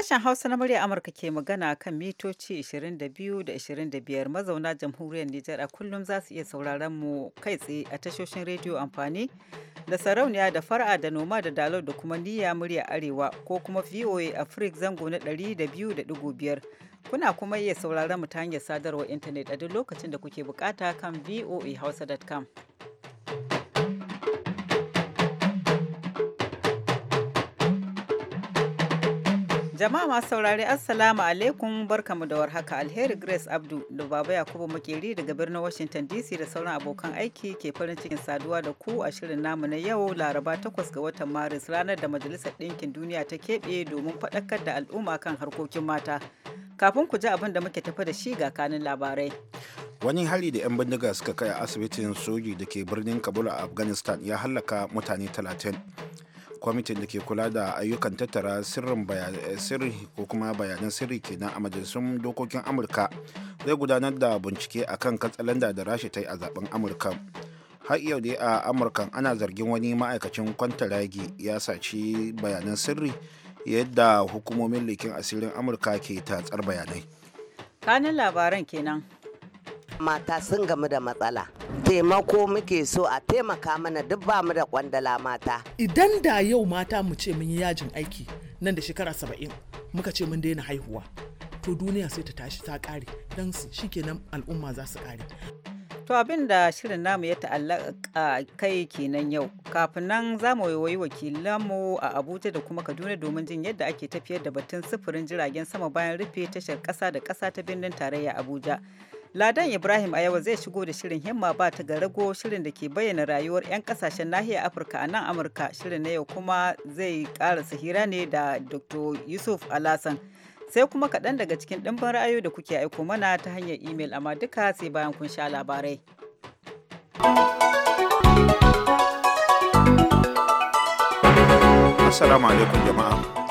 Sashen Hausa na murya Amurka ke magana kan mitoci 22 da 25 mazauna jamhuriyar Nijar a kullum za su iya sauraron mu kai tsaye a tashoshin rediyo amfani da sarauniya da fara da noma da dalo da kuma niyya murya arewa ko kuma VOA Africa zango na 200.5 kuna kuma iya sauraron mu ta hanyar sadarwar intanet a duk lokacin da kuke bukata kan voahausa.com. Jama'a masu saurari Assalamu alaikum barkamu da warhaka Alheri Grace Abdu da Baba Yakubu Makeri daga birnin Washington DC da sauran abokan aiki ke farin cikin saduwa da ku a shirin namu na yau Laraba 8 ga watan Maris ranar da Majalisar Ɗinkin Duniya ta keɓe domin faɗakar da al'umma kan harkokin mata. Kafin ku ji abin da muke tafi da shi ga kanin labarai. Wani hari da 'yan bindiga suka kai a asibitin soji da ke birnin Kabul a Afghanistan ya hallaka mutane 30. kwamitin da ke kula da ayyukan tattara sirrin eh, sirri ko kuma bayanan sirri kenan a majalisun dokokin amurka zai gudanar da bincike akan katsalanda da rashi ta yi a zaben amurka har yau dai a amurka ana zargin wani ma'aikacin kwantaragi ya saci bayanan sirri yadda hukumomin lekin asirin amurka ke tatsar bayanai kanin labaran kenan mata sun gamu da matsala taimako muke so a taimaka mana duk ba mu da kwandala mata idan da yau mata mu ce mun yi yajin aiki nan da shekara saba'in muka ce mun daina haihuwa to duniya sai ta tashi ta kare don shikenan al'umma za su kare To abin da shirin namu ya ta'allaka kai kenan yau. Kafin nan za mu wayi wakilanmu a Abuja da kuma Kaduna domin jin yadda ake tafiyar da batun sufurin jiragen sama bayan rufe tashar kasa da kasa ta birnin tarayya Abuja. Ladan Ibrahim a yau zai shigo da shirin himma ba ta ga rago shirin da ke bayyana rayuwar 'yan kasashen nahiyar Afirka a nan Amurka shirin na yau kuma zai karasa hira ne da Dr. Yusuf Alasan. Sai kuma kaɗan daga cikin ɗimbin ra'ayo da kuke aiko mana ta hanyar imel amma duka sai bayan kun sha labarai. Assalamu alaikum jama'a.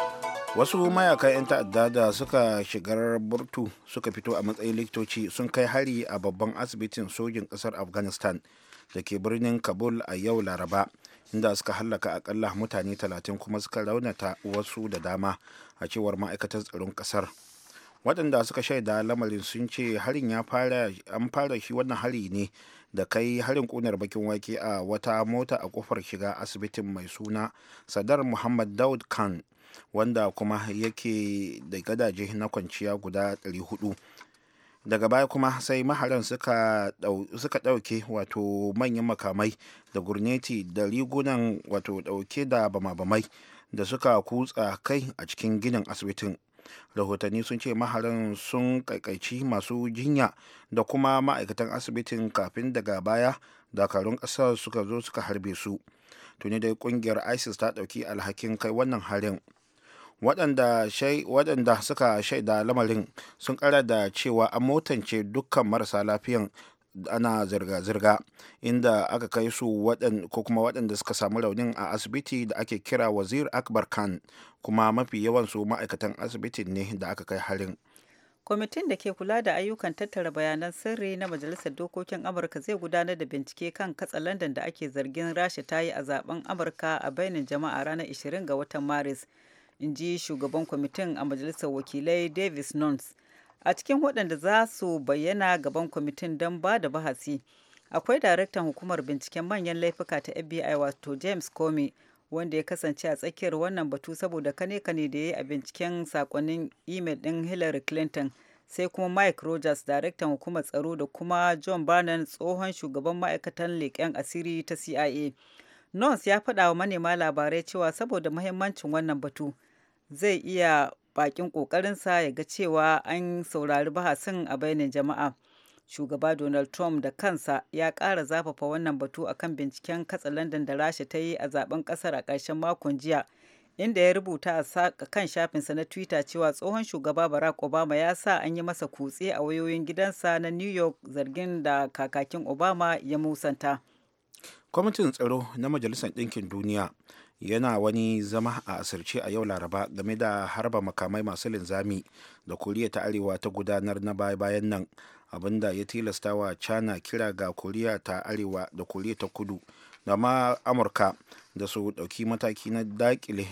wasu mayakan 'yan ta'adda da suka shigar burtu suka fito a matsayin likitoci sun kai hari a babban asibitin sojin kasar afghanistan da ke birnin kabul a yau laraba inda suka hallaka akalla mutane 30 kuma suka raunata wasu da dama a cewar ma'aikatar tsaron kasar waɗanda suka shaida lamarin sun ce harin ya an fara shi wannan hari ne da kai harin kunar bakin wake a wata mota a kofar shiga asibitin mai suna sadar muhammad daud khan wanda kuma yake da gadaje na kwanciya guda 400 daga baya kuma sai maharan suka ɗauke wato manyan makamai da gurneti da rigunan wato ɗauke da bama-bamai da suka kutsa kai a cikin ginin asibitin rahotanni sun ce maharan sun kaikaici masu jinya da kuma ma'aikatan asibitin kafin daga baya dakarun kasar suka zo suka harbe su tuni dai kungiyar isis ta dauki alhakin kai wannan harin waɗanda suka shaida lamarin sun kara da cewa an motance dukkan marasa lafiyan ana zirga-zirga inda aka kai su ko kuma waɗanda suka samu raunin a asibiti da ake kira wazir akbar khan kuma mafi yawan su ma'aikatan asibitin ne da aka kai harin kwamitin da ke kula da ayyukan tattara bayanan sirri na majalisar dokokin amurka zai gudanar da bincike kan katsalandan da ake zargin rasha ta yi a zaben amurka a bainin jama'a ranar 20 ga watan maris in ji shugaban kwamitin a majalisar wakilai davis nunes a cikin waɗanda za su bayyana gaban kwamitin don ba da bahasi akwai daraktan hukumar binciken manyan laifuka ta fbi wato james comey wanda ya kasance a tsakiyar wannan batu saboda kane-kane da ya yi a binciken sakonnin imel ɗin hillary clinton sai kuma mike rogers daraktan hukumar tsaro da kuma john barnan tsohon shugaban ma'aikatan leƙen asiri ta cia nons ya faɗa wa manema labarai cewa saboda mahimmancin wannan batu zai iya bakin kokarinsa ya ga cewa an saurari bahasin a bainin jama'a shugaba donald trump da kansa ya kara zafafa wannan batu akan binciken katsa katsalandan da rasha ta yi a zaben ƙasar a ƙarshen makon jiya inda ya rubuta a kan shafinsa na twitter cewa tsohon shugaba barack obama ya sa an yi masa kutse a wayoyin gidansa na new york zargin da kakakin obama ya musanta kwamitin tsaro na majalisar ɗinkin duniya yana wani zama a asirce a yau laraba game da harba makamai masu linzami da koriya ta arewa ta gudanar na baya-bayan nan abinda ya tilasta wa china kira ga koriya ta arewa da koriya ta kudu da ma amurka da su dauki mataki na dakile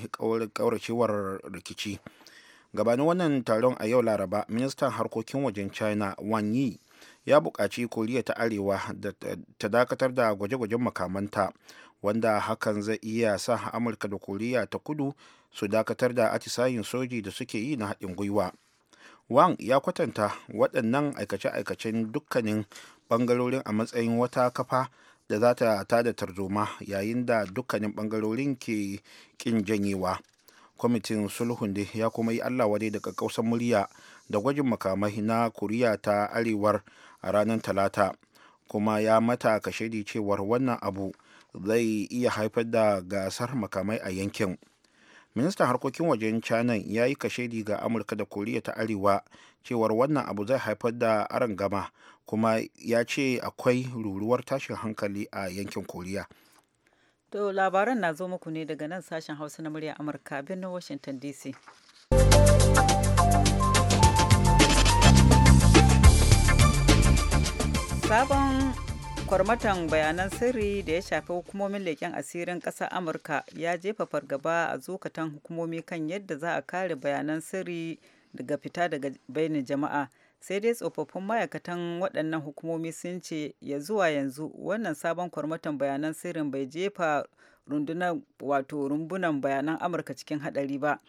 ƙauracewar rikici gabanin wannan taron a yau laraba ministan harkokin wajen china wang yi ya buƙaci koriya ta arewa da ta dakatar da gwaje-gwajen makamanta wanda hakan zai iya sa amurka da koriya ta kudu su dakatar da atisayin soji da suke yi na haɗin gwiwa wang ya kwatanta waɗannan aikace-aikacen dukkanin ɓangarorin a matsayin wata kafa da za ta tada tarzoma yayin da dukkanin ɓangarorin ke ƙin janyewa kwamitin sulhun da ya kuma yi allah wadai daga ƙausar murya da gwajin makamai na kuriya ta arewar a ranar talata kuma ya mata kashedi cewar wannan abu zai iya haifar da gasar makamai a yankin ministan harkokin wajen china ya yi kashedi ga amurka da koriya ta arewa cewar wannan abu zai haifar da gama kuma ya ce akwai ruruwar tashin hankali a yankin koriya to labaran na zo muku ne daga nan sashen hausa na murya amurka birnin washington dc sabon kwarmatan bayanan sirri da ya shafi hukumomin leƙen asirin ƙasar amurka ya jefa fargaba a zukatan hukumomi kan yadda za a kare bayanan sirri daga fita daga bainin jama'a sai dai tsofaffin ma'aikatan waɗannan hukumomi sun ce ya zuwa yanzu wannan sabon kwarmatan bayanan sirrin bai jefa rundunar wato rumbunan bayanan amurka cikin haɗari ba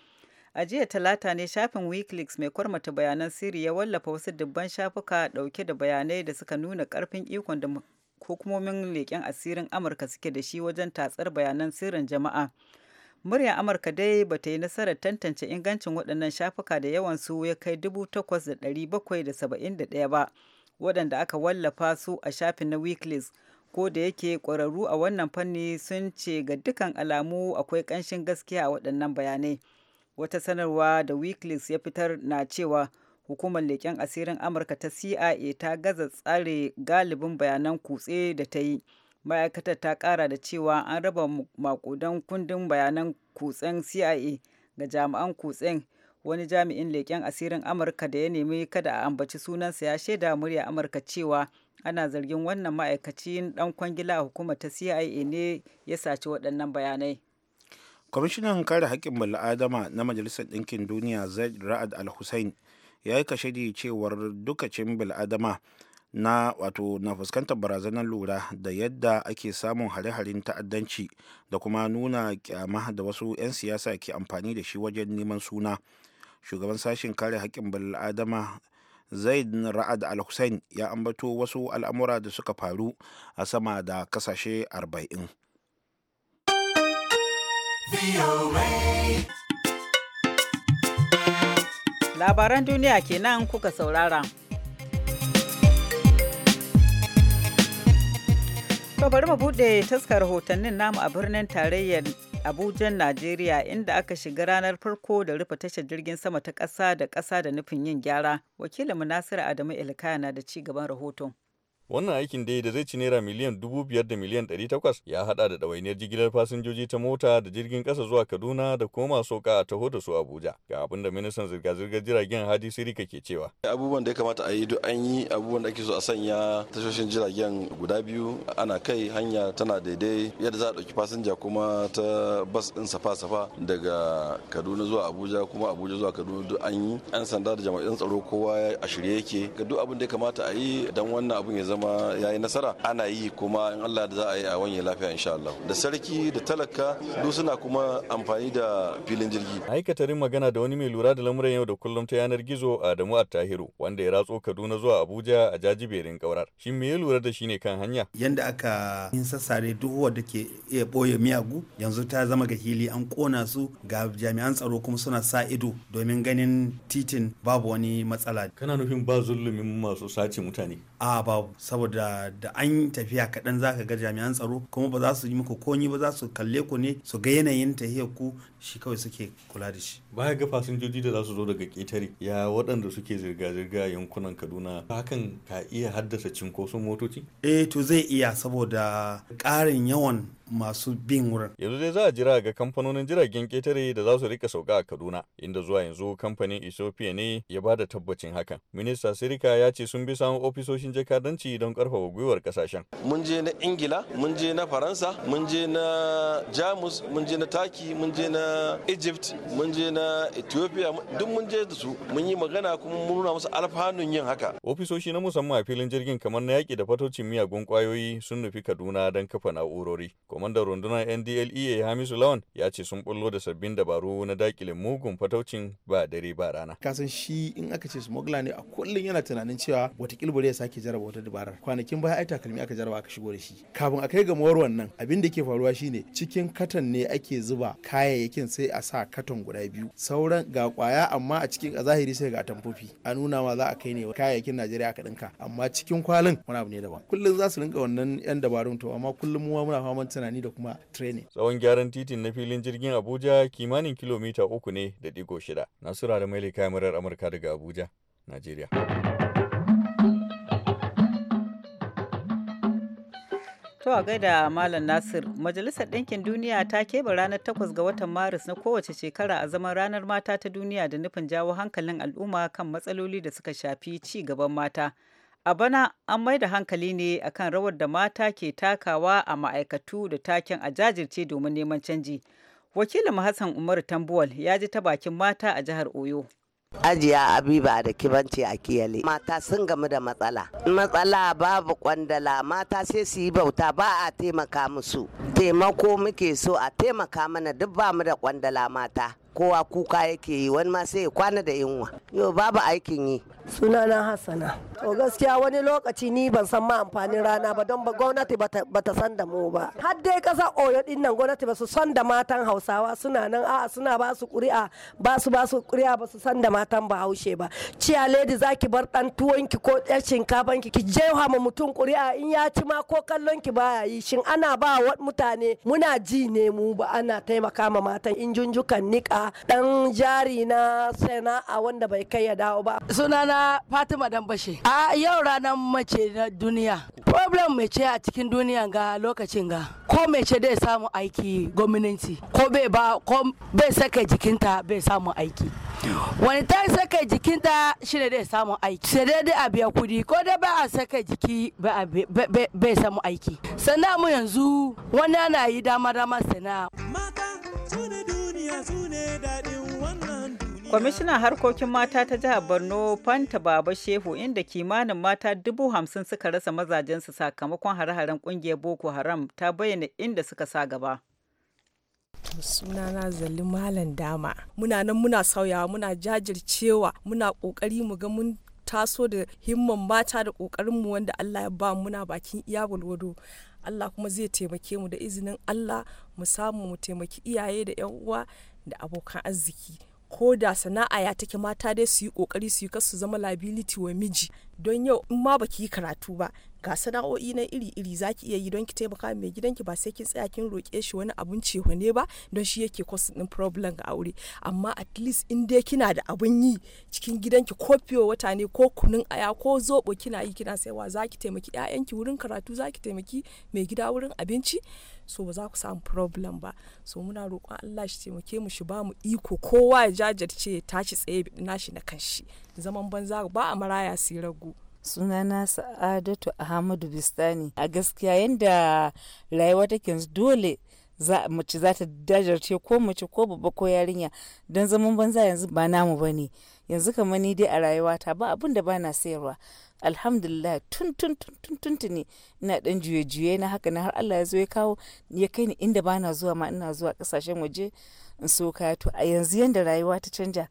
a jiya talata ne shafin wikileaks mai kwarmata bayanan sirri ya wallafa wasu dubban shafuka ɗauke da bayanai da suka nuna karfin ikon hukumomin leƙen asirin amurka suke da shi wajen tatsar bayanan sirrin jama'a murya amurka dai ba ta yi nasarar tantance ingancin waɗannan shafuka da yawan su ya kai dubu da da da ɗari bakwai saba'in ɗaya ba waɗanda aka wallafa su a shafin na wikileaks ko da yake ƙwararru a wannan fanni sun ce ga dukkan alamu akwai ƙanshin gaskiya a waɗannan bayanai wata sanarwa da wikileaks ya fitar na cewa hukumar leƙen asirin amurka ta cia ta gaza tsare galibin bayanan kutse da ta yi ma'aikatar ta kara da cewa an raba makudan kundin bayanan kutsen cia ga jami'an kutsen wani jami'in leƙen asirin amurka da ya nemi kada a ambaci sunansa ya shaida murya amurka cewa ana zargin wannan ma'aikacin dan kwangila a hukumar ta cia ne ya saci waɗannan bayanai kwamishinan kare haƙƙin bala'adama na majalisar ɗinkin duniya zaid ra'ad al-hussein ya yi kashedi cewar dukacin bil'adama na wato na fuskantar barazanar lura da yadda ake samun hare-haren ta'addanci da kuma nuna kyama da wasu 'yan siyasa ke amfani da shi wajen neman suna shugaban sashen kare haƙƙin bil'adama zaid ra'ad al-hussein ya ambato wasu al'amura da suka faru a sama da kasashe 40 Labaran duniya kenan kuka saurara. To bari mu bude taskar rahotannin namu a birnin tarayyar Abuja, Najeriya inda aka shiga ranar farko da rufe tashar jirgin sama ta ƙasa da ƙasa da nufin yin gyara. Wakilin Nasiru Adamu Ilkaya na da ci gaban rahoton. Wannan aikin dai da zai ci naira miliyan dubu biyar da miliyan ɗari takwas ya haɗa da ɗawainiyar jigilar fasinjoji ta mota da jirgin ƙasa zuwa Kaduna da koma masu a taho da su Abuja. Ga abin da ministan zirga-zirgar jiragen Hadi Sirika ke cewa. Abubuwan da ya kamata a yi duk an yi abubuwan da ake so a sanya tashoshin jiragen guda biyu ana kai hanya tana daidai yadda za a ɗauki fasinja kuma ta bas ɗin safa-safa daga Kaduna zuwa Abuja kuma Abuja zuwa Kaduna duk an yi. 'Yan sanda da jama'in tsaro kowa a shirye yake ga duk abin da ya kamata a yi don wannan abin ya zama zama ya yi nasara ana yi kuma in Allah da za a yi a wanye lafiya insha Allah da sarki da talaka duk suna kuma amfani da filin jirgi aikatarin magana da wani mai lura da lamuran yau da kullum ta yanar gizo Adamu Attahiru wanda ya ratso Kaduna zuwa Abuja a jajiberin kaurar shin me ya lura da shi ne kan hanya yanda aka yin sassare duk wanda ke iya boye miyagu yanzu ta zama ga hili an kona su ga jami'an tsaro kuma suna sa ido domin ganin titin babu wani matsala kana nufin ba zulumin masu sace mutane a babu saboda da an tafiya kaɗan za ka ga jami'an tsaro kuma ba za su yi muku konyi ba za su kalle ku ne su ga yanayin tahiyar ku shi kawai suke kula da shi baya ga fasinjoji da za su zo daga ƙetare ya waɗanda suke zirga-zirga yankunan kaduna hakan ka iya haddasa cinkoson motoci eh to zai iya saboda ƙarin yawan masu bin wurin yanzu dai za a jira ga kamfanonin jiragen ƙetare da za su rika sauka a kaduna inda zuwa yanzu kamfanin ethiopia ne ya ba da tabbacin hakan minista sirika ya ce sun bi samun ofisoshin jakadanci don karfafa gwiwar kasashen mun je na ingila mun je na faransa mun je na jamus mun je na taki mun je na egypt mun je na ethiopia duk mun je da su mun yi magana kuma mun nuna musu alfanun yin haka ofisoshi na musamman a filin jirgin kamar na yaƙi da fatocin miyagun kwayoyi sun nufi kaduna don kafa na'urori kwamandan rundunar ndlea hamisu lawan ya ce sun bullo da sabbin dabaru na dakile mugun fatocin ba dare ba rana kasan shi in aka ce smuggler ne a kullum yana tunanin cewa watakila bari ya sake jaraba wata dabarar kwanakin baya ai takalmi aka jaraba aka shigo da shi kafin a kai ga mawar wannan abin da ke faruwa shine cikin katan ne ake zuba kayayyaki. aikin sai a sa katon guda biyu sauran ga kwaya amma a cikin a zahiri sai ga tamfofi a nuna ma za a kai ne kayayyakin najeriya aka dinka amma cikin kwalin wani abu ne daban kullum za su rinka wannan yan dabarun to amma kullum mu muna faman tunani da kuma training tsawon gyaran titin na filin jirgin abuja kimanin kilomita uku ne da digo shida nasura da maili kamarar amurka daga abuja najeriya To a gaida Malam Nasir, Majalisar Ɗinkin Duniya ta keɓe ranar 8 ga watan Maris na kowace shekara a zaman ranar mata ta duniya da nufin jawo hankalin al'umma kan matsaloli da suka shafi ci gaban mata. A bana an mai da hankali ne akan rawar da mata ke takawa a ma'aikatu da taken a jajirce domin neman canji. Wakilin Hassan Umaru Tambuwal ya ji ta bakin mata a jihar Oyo. ajiya abiba da kibanci a kiyale mata sun gamu da matsala matsala babu kwandala mata sai su yi bauta ba a taimaka musu taimako muke so a taimaka mana duk ba mu da kwandala mata kowa kuka yake yi wani ma sai ya kwana da yunwa yau babu aikin yi sunana hassana to gaskiya wani lokaci ni ban san ma amfanin rana ba don gwamnati ba ta san da mu ba har dai kasa oyo din nan gwamnati ba su san da matan hausawa suna nan a'a suna ba su kuri'a ba su ba su kuri'a ba su san da matan bahaushe ba ciya lady zaki bar dan ki ko ɗan shinkafanki ki ki jefa ma mutum kuri'a in ya ci ma ko kallon ki baya yi shin ana ba wa mutane muna ji ne mu ba ana taimaka ma matan in junjukan niƙa dan jari na sana'a wanda bai kai ya dawo ba sunana fatima dambashe a yau ranar mace na duniya problem mai ce a cikin duniya ga lokacin ga ko mai ce dai samu aiki gwamnati ko bai ba ko bai saka jikinta bai samu aiki wani ta saka jikinta shi ne dai samun aiki sai dai a biya kudi ko dai ba a saka jiki bai samu aiki sannan mu yanzu wani ana yi dama dama sana'a kwamishinan harkokin mata ta jihar borno fanta baba shehu inda kimanin mata dubu hamsin suka rasa mazajensu sakamakon hare-haren kungiyar boko haram ta bayyana inda suka sa gaba suna na zalli malam dama muna nan muna sauyawa muna jajircewa muna kokari mu ga mun taso da himman mata da mu wanda allah ya ba muna bakin iya walwado allah kuma zai taimake mu da izinin allah mu samu mu taimaki iyaye da 'yan uwa da abokan arziki ko da sana'a ya take mata dai su yi kokari su yi kasu zama liability wa miji don yau in ma baki yi karatu ba ga sana'o'i na iri-iri za ki iya yi don ki taimaka mai ki ba sai kin tsaya kin roƙe shi wani abun cewa ne ba don shi yake kwasu ɗin problem ga aure amma at least in dai kina da abun yi cikin gidanki ko fiye wata ne ko kunun aya ko zobo kina yi kina saiwa za ki taimaki ki wurin karatu za ki taimaki mai gida wurin abinci so ba za ku samu problem ba so muna roƙon Allah shi taimake mu shi ba mu iko kowa ya jajirce ya tashi tsaye nashi na kanshi zaman banza ba a maraya sai ragu sunana sa'adatu ahmadu bistani a gaskiya yadda rayuwa take yanzu dole mace za ta dajarce ko mace ko babba ko yarinya don zaman banza yanzu ba namu ba ne yanzu kamar ni dai a rayuwata ba abin da ba na sayarwa alhamdulillah tun tun tun tun tun ina dan juye juye na haka na har Allah ya zo ya kawo ya kai ni inda ba na zuwa ma ina zuwa kasashen waje in so kaya a yanzu yadda rayuwa ta canja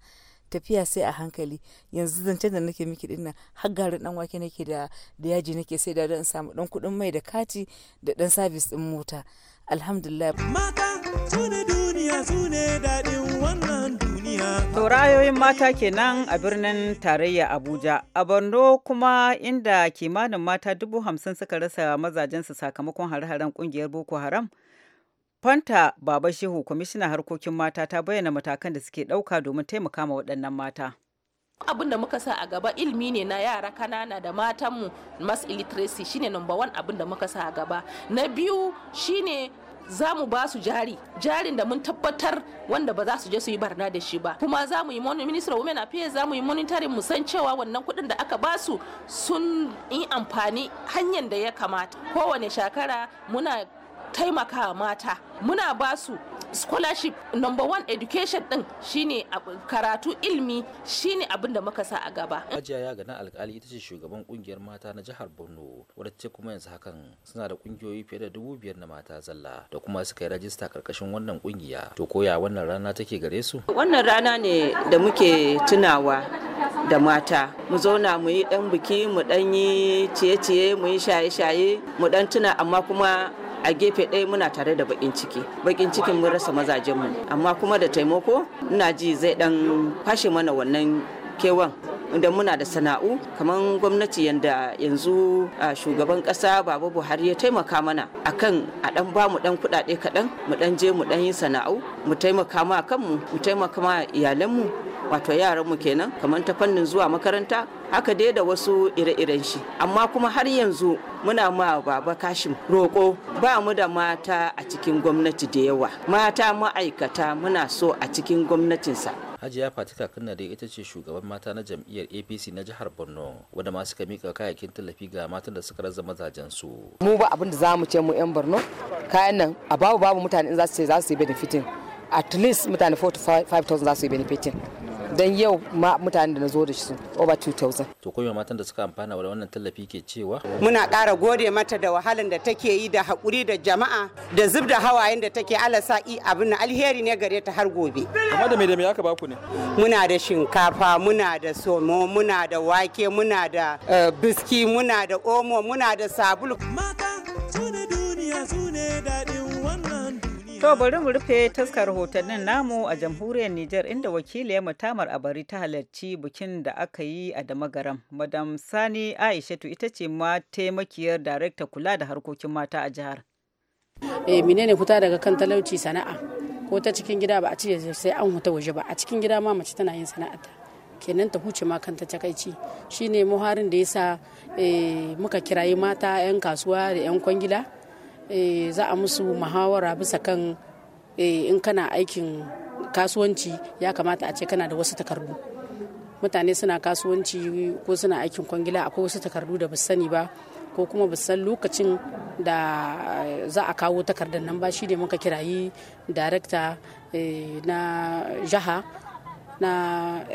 tafiya sai a hankali yanzu zancen da nake miki dinnan har garin dan wake nake da da yaji nake sai da dan samu dan kudin mai da kati da dan sabis din mota alhamdulillah mata su duniya su ne dadin wannan duniya to ra'ayoyin mata kenan a birnin tarayya abuja a borno kuma inda kimanin mata dubu hamsin suka rasa mazajensu sakamakon hare-haren kungiyar boko haram Fanta Baba Shehu kwamishinan harkokin mata ta bayyana matakan da suke ɗauka domin taimaka ma waɗannan mata. abin da muka sa a gaba ilimi ne na yara kanana da matanmu mass illiteracy shine number one abin da muka sa a gaba na biyu shine za mu ba su jari jarin da mun tabbatar wanda ba za su je su yi barna da shi ba kuma za mu yi minister of women affairs za mu yi monitoring mu san cewa wannan kuɗin da aka ba su sun yi amfani hanyar da ya kamata kowane shakara muna taimaka mata muna ba su scholarship number one education din shine karatu ilmi shine abin da muka sa a gaba hajiya ya gana alkali ita ce shugaban kungiyar mata na jihar borno wadda ce kuma yanzu hakan suna da kungiyoyi fiye da dubu biyar na mata zalla da kuma suka yi rajista karkashin wannan kungiya to koya wannan rana take gare su wannan rana ne da muke tunawa da mata mu zauna mu yi dan biki mu dan yi ciye-ciye mu yi shaye-shaye mu dan tuna amma kuma a gefe ɗaya muna tare da bakin ciki bakin cikin mun rasa mazajen mu amma kuma da taimako ina ji zai dan fashe mana wannan kewan inda muna da sana'u kamar gwamnati yadda yanzu shugaban ƙasa baba buhari ya taimaka mana akan a dan ba mu dan kudade kadan mu dan je mu dan yi sana'u mu taimaka ma kanmu mu taimaka ma iyalanmu wato yaran mu kenan kamar ta fannin zuwa makaranta haka dai da wasu ire-iren shi amma kuma har yanzu muna ma baba kashim roƙo ba mu da mata a cikin gwamnati da yawa mata ma'aikata muna so a cikin gwamnatinsa hajiya fatika kanna dai ita ce shugaban mata na jam'iyyar apc na jihar borno wanda ma suka mika kayayyakin tallafi ga matan da suka raza mazajen su mu ba abin da za ce mu yan borno kayan nan a babu babu mutane in za su ce za su yi benefitin at least mutane 45,000 za su yi benefitin don yau ma mutanen da na zo da su over 2000 to kuma matan da suka amfana da wannan tallafi ke cewa muna ƙara gode mata da wahalan da take yi da haƙuri da jama'a da zub da hawayen da take alasa i abin alheri ne gare ta har gobe amma da me da me aka baku ne muna da shinkafa muna da somo muna da wake muna da eh, biski muna da omo muna da sabulu maka tuna duniya su ne To bari mu rufe taskar rahotannin namu a jamhuriyar Nijar inda wakiliyar Mutamar a bari ta halarci bikin da aka yi a Damagaram. Madam Sani Aishatu ita ce ma taimakiyar darekta kula da harkokin mata a jihar. Eh menene fita daga kan talauci sana'a ko ta cikin gida ba a ce sai an huta waje ba a cikin gida ma mace tana yin sana'a ta kenan ta huce ma kanta takaici shine muharin da yasa eh, muka kirayi mata 'yan kasuwa da 'yan kwangila Eh, za a musu muhawara bisa kan eh, in kana aikin kasuwanci ya kamata a ce kana da wasu takardu mutane suna kasuwanci ko suna aikin kwangila akwai wasu takardu da ba sani ba ko kuma ba san lokacin da za a kawo takardar nan ba shi ne muka kirayi darakta eh, na jaha na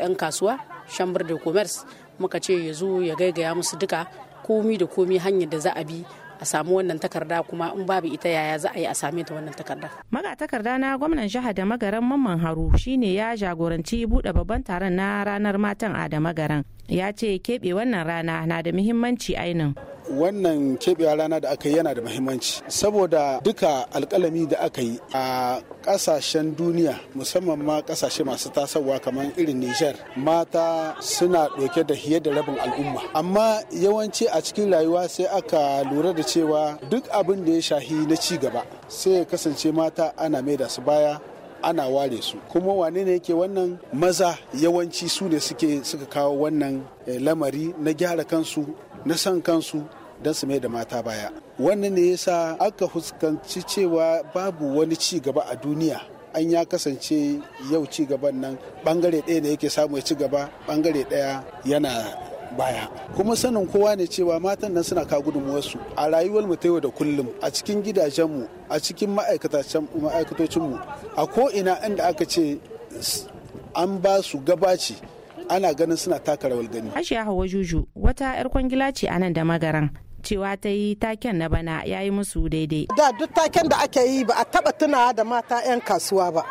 'yan kasuwa chamber de commerce muka ce ya zo ya gaigaya musu duka komi da komi hanyar da za a bi a samu wannan takarda kuma in babu ita yaya za a yi a same ta wannan takarda. Maga takarda na gwamnan jiha da magaran Mamman Haru shine ya jagoranci buɗe babban taron na ranar matan a garan Ya ce keɓe wannan rana na da muhimmanci ainin. wannan keɓewa rana da aka yi yana da muhimmanci saboda duka alkalami da aka yi a ƙasashen duniya musamman ma ƙasashe masu tasowa kamar irin niger mata suna ɗauke da hiye da rabin al'umma amma yawanci a cikin rayuwa sai aka lura da cewa duk abin da ya shahi na ci gaba sai ya kasance mata ana mai da su baya ana ware su kuma wane ne yake wannan maza yawanci su ne suke suka kawo wannan eh, lamari na gyara kansu na san kansu don su mai da mata baya wannan ne yasa aka fuskanci cewa babu wani ci gaba a duniya an ya kasance yau ci gaban nan bangare ɗaya ne yake samu ya ci gaba bangare ɗaya yana baya kuma sanin kowa ne cewa matan nan suna ka gudunmuwarsu a rayuwar mu ta yau da kullum a cikin gidajenmu a cikin ma'aikatocinmu a ko ina inda aka ce an ba su gabaci ana ganin suna taka rawar gani. Ashe Hawa Juju wata 'yar kwangila ce a nan da magaran cewa ta yi taken na bana ya yi musu daidai. Da duk taken da aka yi ba a taba tunawa da mata 'yan kasuwa ba.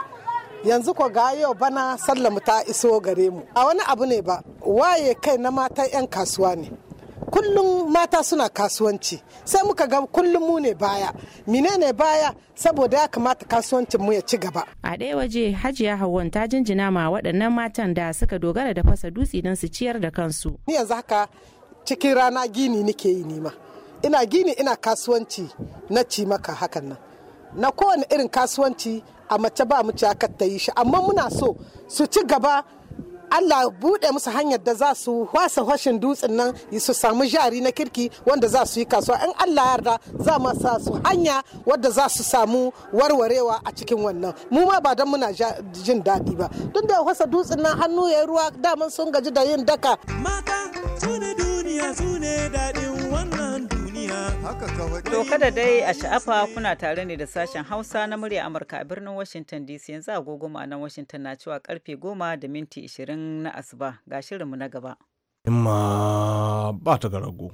yanzu ko ga yau bana sallamu ta iso gare mu a wani abu ne ba waye kai na mata 'yan kasuwa ne kullum mata suna kasuwanci sai muka ga kullum mu ne baya mine ne baya saboda ya kamata kasuwancin mu ya ci gaba a ɗaya waje hajiya hawan ta jinjina ma waɗannan matan da suka dogara da fasa dutse don su ciyar da kansu ni yanzu haka cikin rana gini nike yi nima ina gini ina kasuwanci na ci maka hakan nan na kowane irin kasuwanci a mace ba mu aka ta yi shi amma muna so su ci gaba Allah buɗe musu hanyar da za su wasa hashin dutsen nan su samu jari na kirki wanda za su yi kasuwa in Allah yarda za mu sa su hanya wadda za su samu warwarewa a cikin wannan mu ma ba dan muna jin daɗi ba tun da wasa dutsen nan hannu ya ruwa daman sun gaji da yin daka mata su ne duniya su ne daɗin wannan To kada dai a sha'afa kuna tare ne da sashen Hausa na murya Amurka a birnin Washington DC yanzu agogo nan Washington na cewa karfe goma da minti 20 na asuba ga shirinmu na gaba. Imma ba ta garago.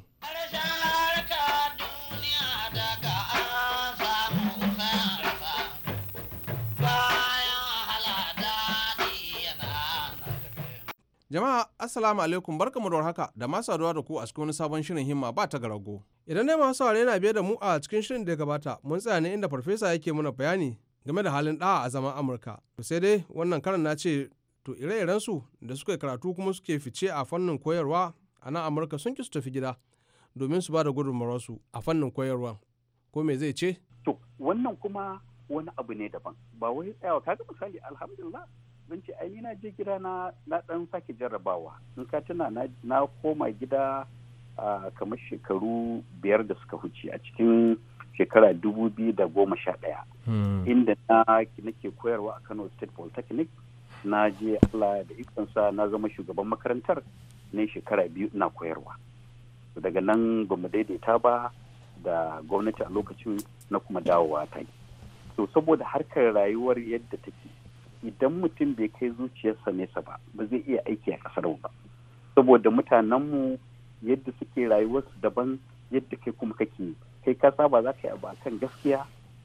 Jama'a Assalamu alaikum barkamu da haka da masu saduwa da ku a cikin wani sabon shirin himma ba ta garago. Idan dai masu saurare yana biye da mu a cikin shirin da ya gabata mun tsaya ne inda farfesa yake mana bayani game da halin ɗa'a a zaman Amurka. To sai dai wannan karan na ce to ire-iren su da suka karatu kuma suke fice a fannin koyarwa a nan Amurka sun ki su tafi gida domin su ba da gudunmawarsu a fannin koyarwa. Ko me zai ce? To wannan kuma wani abu ne daban ba wai tsayawa kaga misali alhamdulillah binci ai na je gida na na dan sake jarrabawa in ka tuna na koma gida kamar shekaru biyar da suka huce a cikin shekara dubu biyu da goma sha ɗaya hmm. inda na nake koyarwa a Kano State Polytechnic na je Allah da ikonsa na zama shugaban makarantar ne shekara biyu na koyarwa daga nan gwamna daidaita ba da gwamnati a lokacin na kuma dawowa ta yi to saboda harkar rayuwar yadda take idan mutum bai kai zuciyarsa nesa ba ba zai iya aiki a kasar ba saboda mutanenmu yadda suke rayuwarsu daban yadda kai kuma kake kai ka saba za ka yi ba kan gaskiya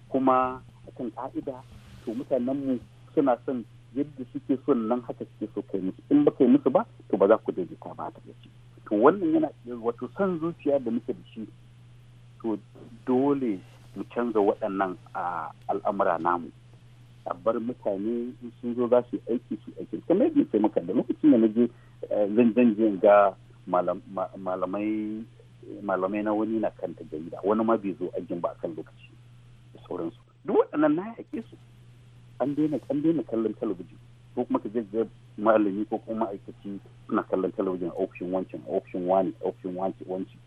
kuma kan ka'ida to mutanenmu suna son yadda suke son nan haka suke so kai musu in ba kai musu ba to ba za ku daidaita ba ta gaci to wannan yana wato son zuciya da muke da shi to dole mu canza waɗannan a al'amura namu a bar mutane sun zo za su aiki su aiki kamar yadda sai maka da lokacin da je eh, zan zan je ga malamai malamai na wani na kanta jarida wani ma bai zo ajin ba akan lokaci da sauransu duk waɗannan na yaƙe su an daina an daina kallon talabijin ko kuma ka jirgin malami ko kuma ma'aikaci suna kallon talabijin a ofishin wancan a ofishin wani a ofishin wancan wancan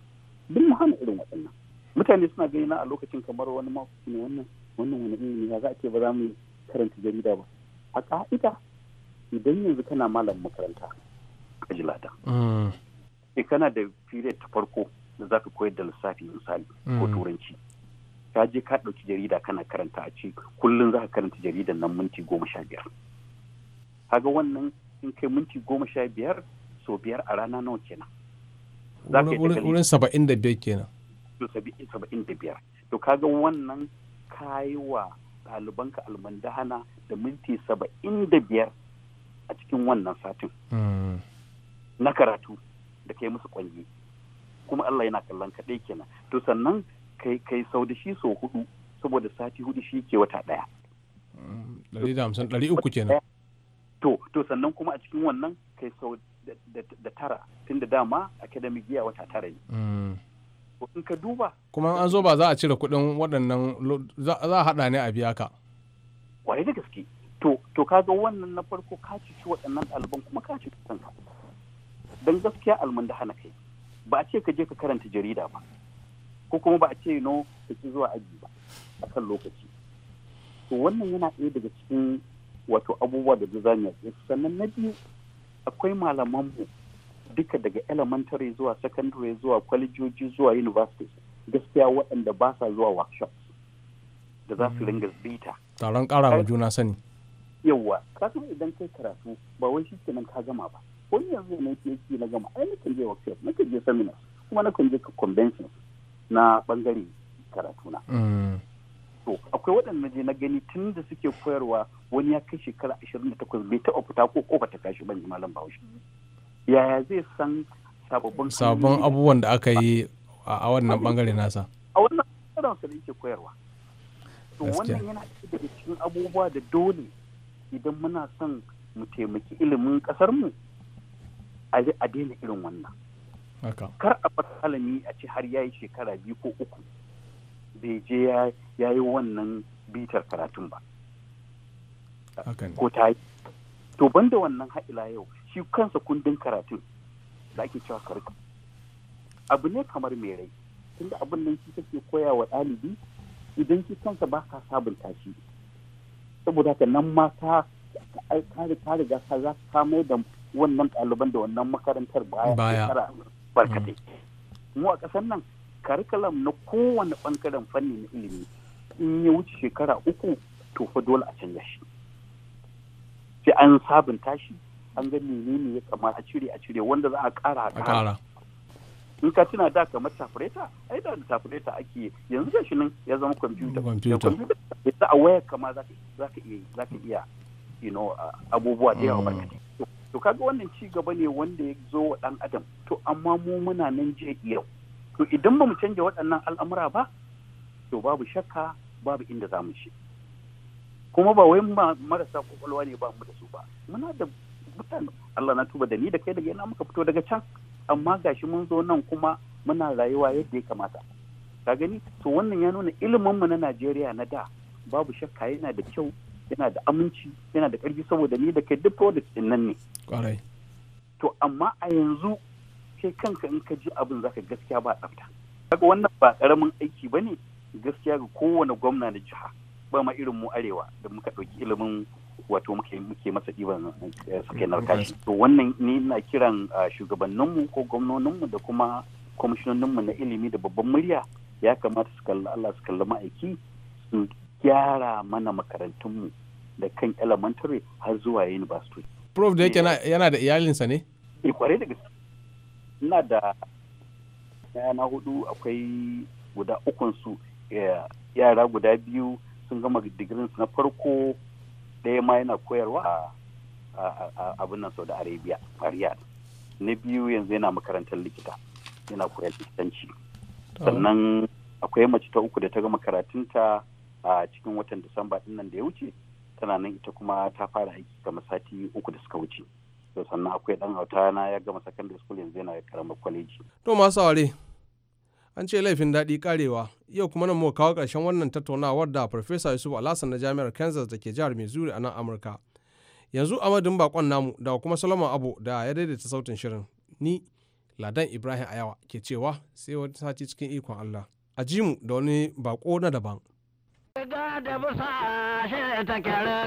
duk mu hana irin waɗannan mutane suna gani na a lokacin kamar wani ma ne wannan wannan wani ne ya za a ce ba za mu karanta jarida ba a ka'ida idan yanzu kana malam makaranta a jilata sai mm. eh, kana da period ta farko da za ka koyar da lissafi misali ko mm. turanci ka je ka ɗauki jarida kana karanta a ce kullum za ka karanta jaridan nan minti goma sha biyar kaga wannan in kai minti goma sha biyar so biyar a rana nawa kenan wurin saba'in da biyar kenan saba'in da biyar to kaga wannan kayi wa ɗalibanka almandahana da minti saba'in da biyar a cikin wannan satin hmm. na karatu da kai musu kwangi kuma Allah yana kallon ka ɗai kenan to sannan kai kai sau da shi sau hudu saboda sati hudu shi ke wata ɗaya. Hmm. Ɗari da hamsin ɗari uku kenan. To to sannan kuma a cikin wannan kai sau da tara tun da dama academic year wata tara ne. Hmm. in ka duba kuma an zo ba za a cire kuɗin waɗannan za a haɗa ne a biya ka kwarai da gaske to to kaga wannan na farko ka ci waɗannan ɗaliban kuma ka ci ka don gaskiya almanda hana kai ba a ce ka je ka karanta jarida ba ko kuma ba a ce no ka ci zuwa aji ba a kan lokaci to wannan yana ɗaya daga cikin wato abubuwa da za sannan na biyu akwai malamanmu duka daga elementary zuwa secondary zuwa kwalejoji zuwa universities gaskiya waɗanda ba sa zuwa workshops da za su mm. ringa bita taron ƙara wa juna sani yawwa kasu idan kai karatu ba wai shi kenan ka gama ba ko yanzu ne ke ki na gama ai nakan je workshop nakan je seminars kuma nakan je conventions na bangare karatuna mm. to akwai waɗanda je na gani tun da suke koyarwa wani ya kai shekara ashirin da takwas bai taɓa fita ko ko ba ta tashi ban malam bahaushe yaya zai san sababbin sababbin abubuwan da aka yi a wannan bangare nasa a wannan bangaren su da yake koyarwa to wannan yana daga cikin abubuwa da dole idan muna son mu taimaki ilimin kasar mu a daina irin wannan kar a bar alami a ce har yayi shekara biyu ko uku bai je ya yi wannan bitar karatun ba ko ta yi to banda wannan haɗila yau shi kansa kundin karatu da ake cewa karka abu ne kamar mai rai tunda abin nan shi kake koya wa ɗalibi idan shi kansa ba ka sabunta shi saboda ka nan ma ka ka riga ka za ka mai da wannan ɗaliban da wannan makarantar baya barkatai mm. mu a ƙasar nan karikulam na kowane ɓangaren fanni na ilimi in ya wuce shekara uku to fa dole a canza shi sai an sabunta shi an ga menene ya kamata cire a cire wanda za a kara a kara in ka tuna da kamar tafureta ai da tafureta ake yanzu da shi nan ya zama kwamfuta da a waya kama za ka iya za ka iya you know abubuwa da yawa barkatai mm. to kaga wannan ci gaba ne wanda ya zo wa dan adam to amma mu muna nan je yau to idan ba mu canja waɗannan al'amura ba to babu shakka babu inda za mu shi kuma ba wai marasa kwakwalwa ne ba mu da su ba muna da mutan Allah na tuba da ni da kai daga ina muka fito daga can amma gashi mun zo nan kuma muna rayuwa yadda ya kamata ka gani to wannan ya nuna ilimin mu na Najeriya na da babu shakka yana da kyau yana da aminci yana da ƙarfi saboda ni da kai duk product din nan ne kwarai to amma a yanzu kai kanka in ka ji abin zaka gaskiya ba tsafta kaga wannan ba karamin aiki bane gaskiya ga kowane gwamna na jiha ba ma irin mu arewa da muka ɗauki ilimin wato muke muke masa ɗiban eh, suke mm-hmm. kashi to wannan ni na kiran ah, shugabanninmu ko gwamnoninmu da kuma kwamishinanninmu na ilimi da babban murya ya kamata su kalli Allah su kalli ma'aiki su gyara mana makarantunmu da kan elementary har zuwa university. Prof da yake yana da iyalinsa ne? Eh kware da gaske. da yana hudu akwai guda ukun eh, yara guda biyu sun gama digirin su na farko ɗaya ma yana koyarwa a abin nan saudi arabia a riyadh na biyu yanzu yana makarantar likita yana koyar likitanci sannan akwai mace ta uku da ta gama karatunta a cikin watan disamba din nan da ya wuce tana nan ita kuma ta fara aiki kamar sati uku da suka wuce sannan akwai dan hauta na ya gama secondary school yanzu yana karamar kwaleji to masu aure an ce laifin daɗi karewa yau kuma nan mu kawo ƙarshen wannan tattaunawar da farfesa yusuf alasan na jami'ar kansas da ke jihar missouri a nan amurka yanzu amadin bakon namu da kuma solomon abu da ya daidaita sautin shirin ni ladan ibrahim ayawa ke cewa sai wani sati cikin ikon allah a ji mu da wani bako na daban Riga da busa shi riga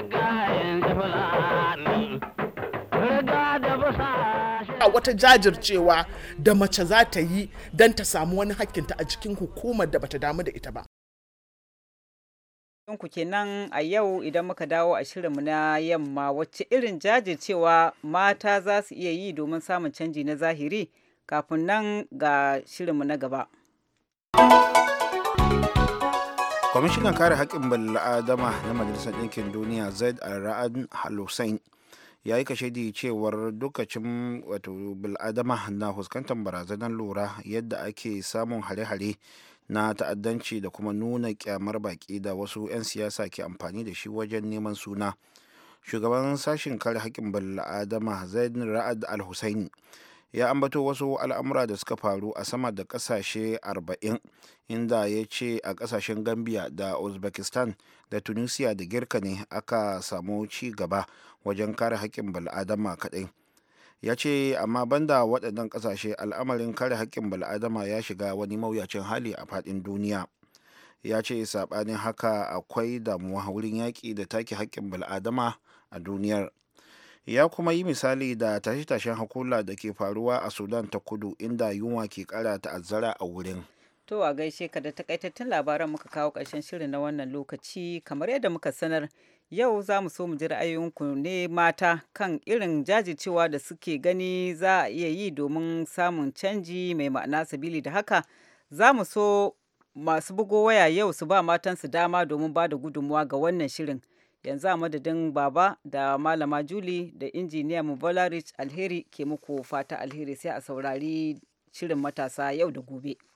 riga da busa a wata jajircewa da mace za ta yi don ta samu wani hakkinta a cikin hukumar da bata damu da ita ba ku kenan a yau idan muka dawo a shirinmu na yamma wacce irin jajircewa mata za su iya yi domin samun canji na zahiri kafin nan ga shirinmu na gaba. kwamishinan kare haƙƙin bala'adama na majalisar ɗinkin duniya zaid al-ra'ad al ya yi kashedi cewar dukacin wato bil'adama na fuskantar barazanar lura yadda ake samun hare-hare na ta'addanci da kuma nuna kyamar baki da wasu 'yan siyasa ke amfani da shi wajen neman suna shugaban sashen kare haƙƙin bil'adama zaid ra'ad al-husaini ya ambato wasu al'amura da suka faru a sama da ƙasashe 40 inda ya ce a ƙasashen gambia da uzbekistan da tunisia da girka ne aka samu ci gaba wajen kare haƙƙin bal'adama kaɗai ya ce amma banda waɗannan ƙasashe al'amarin kare haƙƙin bal'adama ya shiga wani mawuyacin hali a faɗin duniya ya ce saɓanin haka akwai damuwa wurin yaƙi da take haƙƙin bal'adama a duniyar ya kuma yi misali da tashe-tashen hakula da ke faruwa a sudan ta kudu inda yunwa ke ƙara ta'azzara a wurin To a gaishe ka da takaitattun labaran muka kawo ƙarshen shirin na wannan lokaci kamar yadda muka sanar yau za mu so mu ji ra'ayoyinku ne mata kan irin jajircewa da suke gani za a iya yi domin samun canji mai ma'ana sabili da haka za mu so masu bugo waya yau su ba matansu dama domin ba da gudunmuwa ga wannan shirin yanzu a madadin baba da malama juli da injiniya mu alheri ke muku fata alheri sai a saurari shirin matasa yau da gobe.